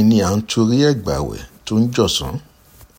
ẹni à ń torí ẹ̀ gbààwẹ̀ tó ń jọ̀sán